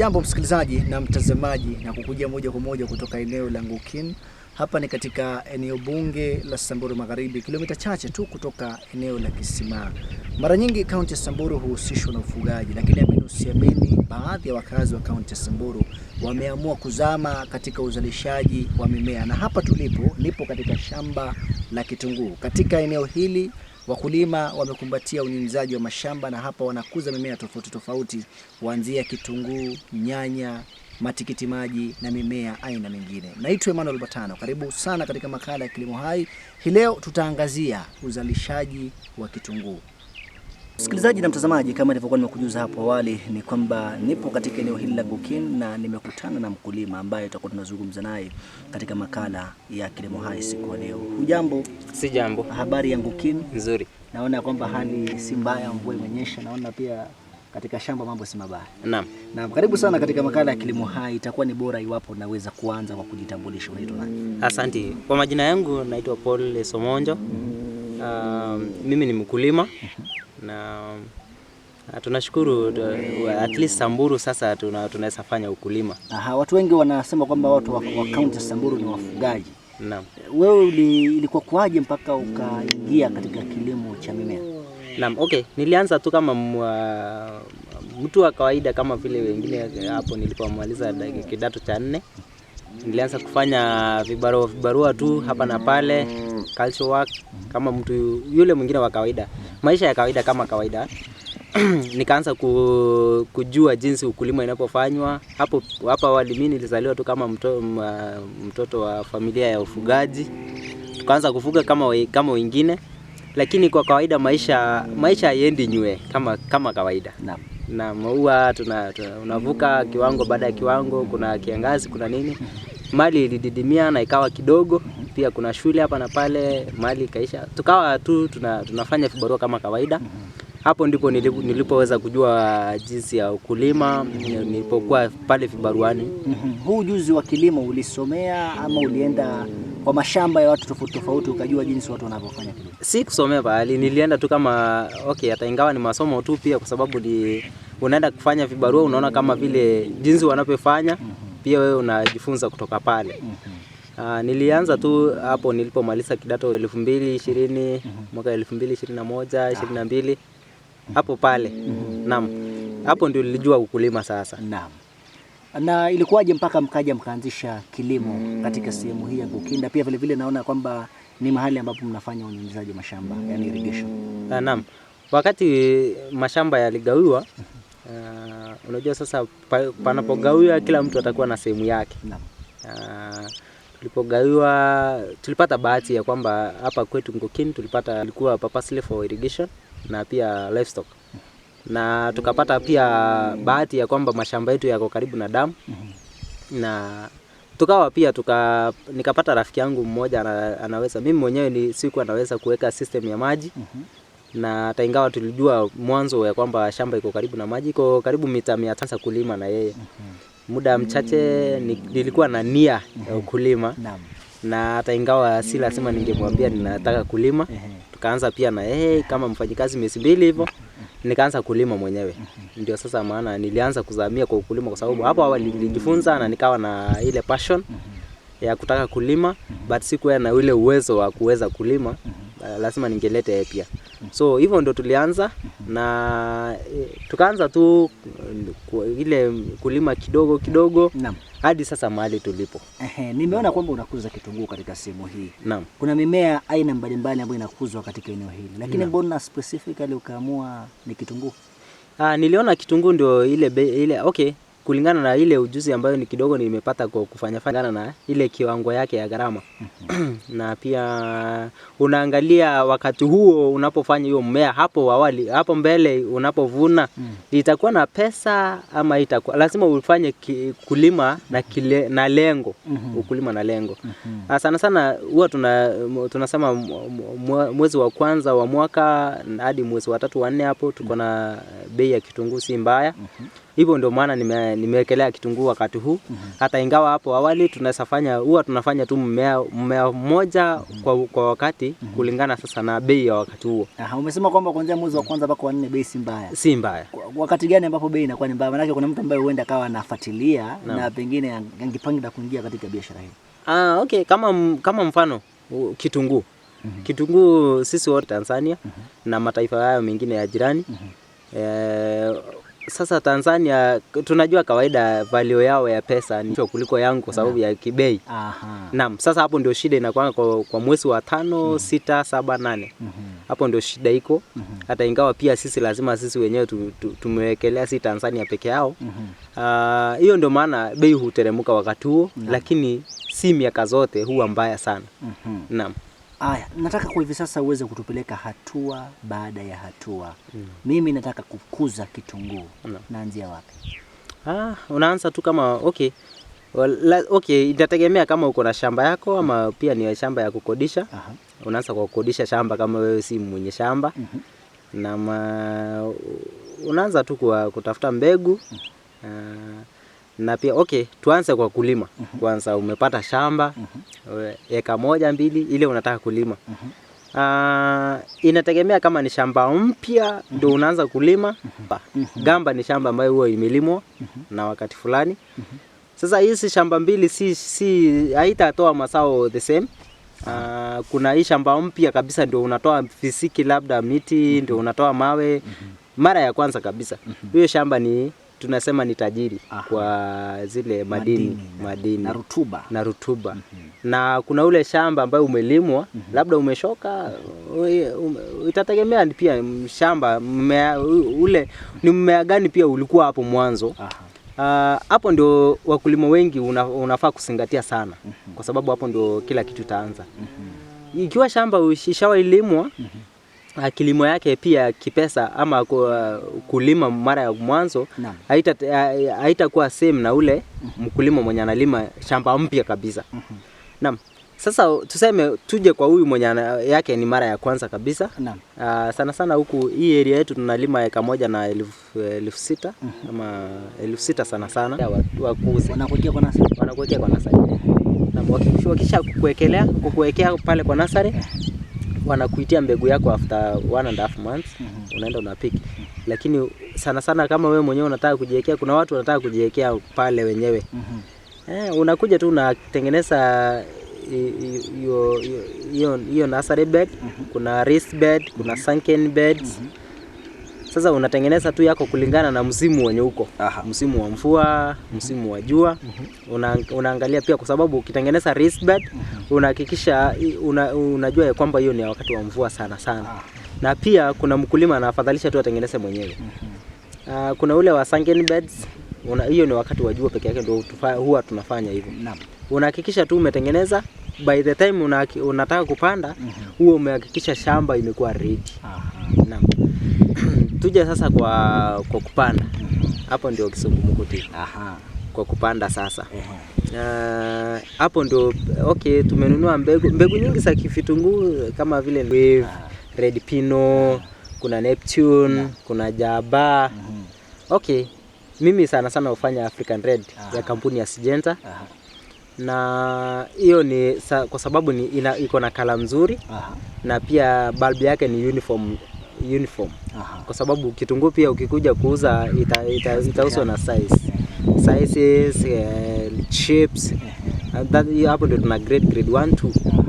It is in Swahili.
Hujambo msikilizaji na mtazamaji, na kukujia moja kwa moja kutoka eneo la ngukin Hapa ni katika eneo bunge la Samburu Magharibi, kilomita chache tu kutoka eneo la Kisimaa. Mara nyingi kaunti ya Samburu huhusishwa na ufugaji, lakini usiamini, baadhi ya wakazi wa kaunti ya Samburu wameamua kuzama katika uzalishaji wa mimea, na hapa tulipo, nipo katika shamba la kitunguu katika eneo hili Wakulima wamekumbatia unyunyizaji wa mashamba na hapa wanakuza mimea tofauti tofauti, kuanzia kitunguu, nyanya, matikiti maji na mimea aina mingine. Naitwa Emmanuel Batano, karibu sana katika makala ya Kilimo Hai. Hii leo tutaangazia uzalishaji wa kitunguu. Msikilizaji na mtazamaji, kama nilivyokuwa nimekujuza hapo awali, ni kwamba nipo katika eneo hili la Gokin na nimekutana na mkulima ambaye tutakuwa tunazungumza naye katika makala ya Kilimo Hai siku ya leo. Hujambo? Si jambo. Habari ya Gokin? Nzuri. Naona kwamba hali si mbaya, mvua imenyesha, naona pia katika shamba mambo si mabaya. Naam. Na karibu sana katika makala ya Kilimo Hai. Itakuwa ni bora iwapo naweza kuanza kwa kujitambulisha. Unaitwa nani? Asante. Kwa majina yangu naitwa Paul Somonjo. Mhm. Um, mimi ni mkulima mhm na tunashukuru at least Samburu sasa tunaweza fanya ukulima. Aha, watu wengi wanasema kwamba watu wa kaunti ya Samburu ni wafugaji. Naam. Wewe ilikuwa kwaje mpaka ukaingia katika kilimo cha mimea? Naam, okay. Nilianza tu kama mwa, mtu wa kawaida kama vile wengine hapo. nilipomaliza kidato cha nne, nilianza kufanya vibarua vibarua tu hapa na pale, culture work kama mtu yule mwingine wa kawaida maisha ya kawaida kama kawaida nikaanza ku, kujua jinsi ukulima inapofanywa. Hapo hapa awali mimi nilizaliwa tu kama mto, ma, mtoto wa familia ya ufugaji, tukaanza kufuga kama kama wengine, lakini kwa kawaida maisha maisha yendi nywe kama kama kawaida naam na maua tuna, tuna, unavuka kiwango baada ya kiwango, kuna kiangazi, kuna nini. Mali ilididimia na ikawa kidogo, pia kuna shule hapa na pale, mali ikaisha, tukawa tu tuna, tunafanya vibarua kama kawaida. Hapo ndipo nilipoweza kujua jinsi ya ukulima nilipokuwa pale vibaruani. Huu ujuzi wa kilimo ulisomea ama ulienda kwa mashamba ya watu tofauti tofauti ukajua jinsi watu wanavyofanya kilimo? Si kusomea bali nilienda tu kama okay, hata ingawa ni masomo tu pia, kwa sababu ni unaenda kufanya vibarua, unaona kama vile jinsi wanavyofanya, mhm. pia wewe unajifunza kutoka pale. Mhm. Uh, nilianza tu hapo nilipomaliza kidato 2020 mm -hmm. mwaka 2021 ah. mbili ishirini hapo pale mm -hmm. Naam, hapo ndio nilijua kukulima sasa. Naam. Na ilikuwaje mpaka mkaja mkaanzisha kilimo katika sehemu hii ya Bukinda? Pia vile vile naona kwamba ni mahali ambapo mnafanya unyunyizaji mashamba, yani irrigation. Ah, naam, wakati mashamba yaligawiwa uh, mhm. unajua sasa panapogawiwa kila mtu atakuwa na sehemu yake. Naam. Uh, Tulipogawiwa tulipata bahati ya kwamba hapa kwetu Ngokin tulipata ilikuwa purposely for irrigation na pia livestock, na tukapata pia bahati ya kwamba mashamba yetu yako karibu na damu na tukawa pia tuka, nikapata rafiki yangu mmoja anaweza mimi mwenyewe ni siku anaweza kuweka system ya maji na hata ingawa tulijua mwanzo ya kwamba shamba iko karibu na maji iko karibu mita mia tano kulima na yeye muda mchache nilikuwa na nia ya ukulima na hata ingawa si lazima ningemwambia ninataka kulima, tukaanza pia na yeye kama mfanyikazi miezi mbili hivyo, nikaanza kulima mwenyewe. Ndio sasa maana nilianza kuzamia kwa ukulima, kwa sababu hapo awali nilijifunza na nikawa na ile passion ya kutaka kulima, but sikuwa na ule uwezo wa kuweza kulima, lazima ningelete pia. So hivyo ndio tulianza na eh, tukaanza tu ile kulima kidogo kidogo naam, hadi sasa mahali tulipo. Ehe, nimeona kwamba unakuza kitunguu katika sehemu hii. Naam. Kuna mimea aina mbalimbali ambayo inakuzwa katika eneo hili, lakini mbona specifically ukaamua ni kitunguu? Ah, niliona kitunguu ndio ile, ile okay kulingana na ile ujuzi ambayo ni kidogo nimepata kwa kufanya fanya na ile kiwango yake ya gharama mhm. na pia unaangalia wakati huo unapofanya hiyo mmea hapo awali, hapo mbele unapovuna mhm. itakuwa na pesa ama itakuwa lazima ufanye kulima na, mhm. kile, na lengo ukulima na lengo ah, sana sana huwa tuna, tunasema mwezi wa kwanza wa mwaka hadi mwezi wa tatu wa nne hapo tuko na bei ya kitunguu si mbaya Hivyo ndio maana nime, nimewekelea kitunguu wakati huu mm -hmm. Hata ingawa hapo awali tunasafanya huwa tunafanya tu mmea mmea mmoja mm -hmm. kwa, kwa wakati mm -hmm. kulingana sasa na bei ya wakati huo. Aha, umesema kwamba kuanzia mwezi wa kwanza mpaka wa nne bei si mbaya. Si mbaya. Wakati gani ambapo bei inakuwa ni mbaya? Maana kuna mtu ambaye huenda akawa anafuatilia na, na pengine angepanga kuingia katika biashara hii. Ah, okay, kama kama mfano kitunguu Mm -hmm. Kitunguu sisi wote Tanzania mm -hmm. na mataifa hayo mengine ya jirani mm -hmm. eh, sasa Tanzania tunajua kawaida value yao ya pesa ni kuliko yangu kwa sababu ya kibei. Naam, sasa hapo ndio shida inakuwa kwa, kwa mwezi wa tano, mm sita, saba, nane mm -hmm. hapo ndio shida iko mm -hmm. hata ingawa pia sisi lazima sisi wenyewe tumewekelea si Tanzania peke yao mm-hmm. ah, hiyo mm -hmm. uh, ndio maana bei huteremuka wakati huo mm -hmm. lakini si miaka zote huwa mbaya sana mm -hmm. Naam. Aya, nataka kwa hivi sasa uweze kutupeleka hatua baada ya hatua mm. Mimi nataka kukuza kitunguu no. Mm. Naanzia wapi? Ah, unaanza tu kama okay. Well, okay, itategemea kama uko na shamba yako ama mm. pia ni shamba ya kukodisha. Aha. Unaanza kwa kukodisha shamba kama wewe si mwenye shamba mm -hmm. na ma... unaanza tu kwa kutafuta mbegu mm. uh, na pia okay, tuanze kwa kulima mm -hmm. kwanza. Umepata shamba mm -hmm. eka moja mbili, ile unataka kulima mm -hmm. uh, inategemea kama ni shamba mpya ndio mhm. unaanza kulima. mm -hmm. Gamba ni shamba ambayo huwa imelimwa mm -hmm. na wakati fulani. mm -hmm. Sasa hizi shamba mbili si, si haitatoa masao the same. Uh, kuna hii shamba mpya kabisa ndio unatoa fisiki labda miti mm -hmm. ndio mhm. unatoa mawe mm -hmm. mara ya kwanza kabisa, mhm. hiyo shamba ni tunasema ni tajiri Aha. kwa zile madini, madini, madini. na rutuba, na, rutuba. Mm -hmm. na kuna ule shamba ambayo umelimwa mm -hmm. labda umeshoka um, itategemea pia shamba mmea, ule ni mmea gani pia ulikuwa hapo mwanzo ah, hapo uh, ndio wakulima wengi una, unafaa kusingatia sana mm -hmm. kwa sababu hapo ndio kila kitu itaanza mm -hmm. ikiwa shamba ishawa ilimwa mm -hmm Ah, kilimo yake pia kipesa ama ah, kulima mara ya mwanzo ah, haitakuwa same na ule mhm. mkulima mwenye analima shamba mpya kabisa. Mhm. Naam. Sasa tuseme tuje kwa huyu mwenye yake ni mara ya kwanza kabisa. Naam. Uh, sana sana huku hii area yetu tunalima eka moja na elfu, elfu sita mhm. ama elfu sita sana sana Wanakuja kwa nasari, Wanakuja kwa nasari. Naam, kukuwekelea kukuwekea pale kwa nasari eh wanakuitia mbegu yako after one and a half months mm -hmm. unaenda unapiki mm -hmm. lakini sana sana kama wewe mwenyewe unataka kujiwekea, kuna watu wanataka kujiwekea pale wenyewe mm -hmm. eh, unakuja tu unatengeneza hiyo nursery bed mm -hmm. kuna raised bed, kuna mhm. sunken beds mm -hmm sasa unatengeneza tu yako kulingana na msimu wenye uko, msimu wa mvua, mhm. msimu wa jua. mm -hmm. Una, unaangalia pia kwa sababu ukitengeneza raised bed mm -hmm. unahakikisha una, unajua ya kwamba hiyo ni wakati wa mvua sana sana. Aha. Na pia kuna mkulima anafadhalisha tu atengeneze mwenyewe. mm -hmm. Uh, kuna ule wa sunken beds una, hiyo ni wakati wa jua peke yake ndio huwa tunafanya hivyo. Naam. Unahakikisha tu umetengeneza by the time una, unataka kupanda huo mm -hmm. umehakikisha shamba imekuwa ready. Naam. Tuje sasa kwa, kwa kupanda hapo ndio kisungumukuti. Aha. Kwa kupanda sasa hapo uh, ndio okay, tumenunua mbegu, mbegu nyingi za kivitunguu kama vile Wave, Red Pino, kuna Neptune, kuna Jaba. Aha. Mhm. Okay, mimi sana sana hufanya African Red Aha. ya kampuni ya Syngenta Aha. na hiyo ni kwa sababu iko na kala mzuri Aha. na pia bulb yake ni uniform uniform Aha. Kwa sababu kitunguu pia ukikuja kuuza ita, ita, ita na size sizes, uh, eh, shapes hapo ndio tuna grade grade 1 2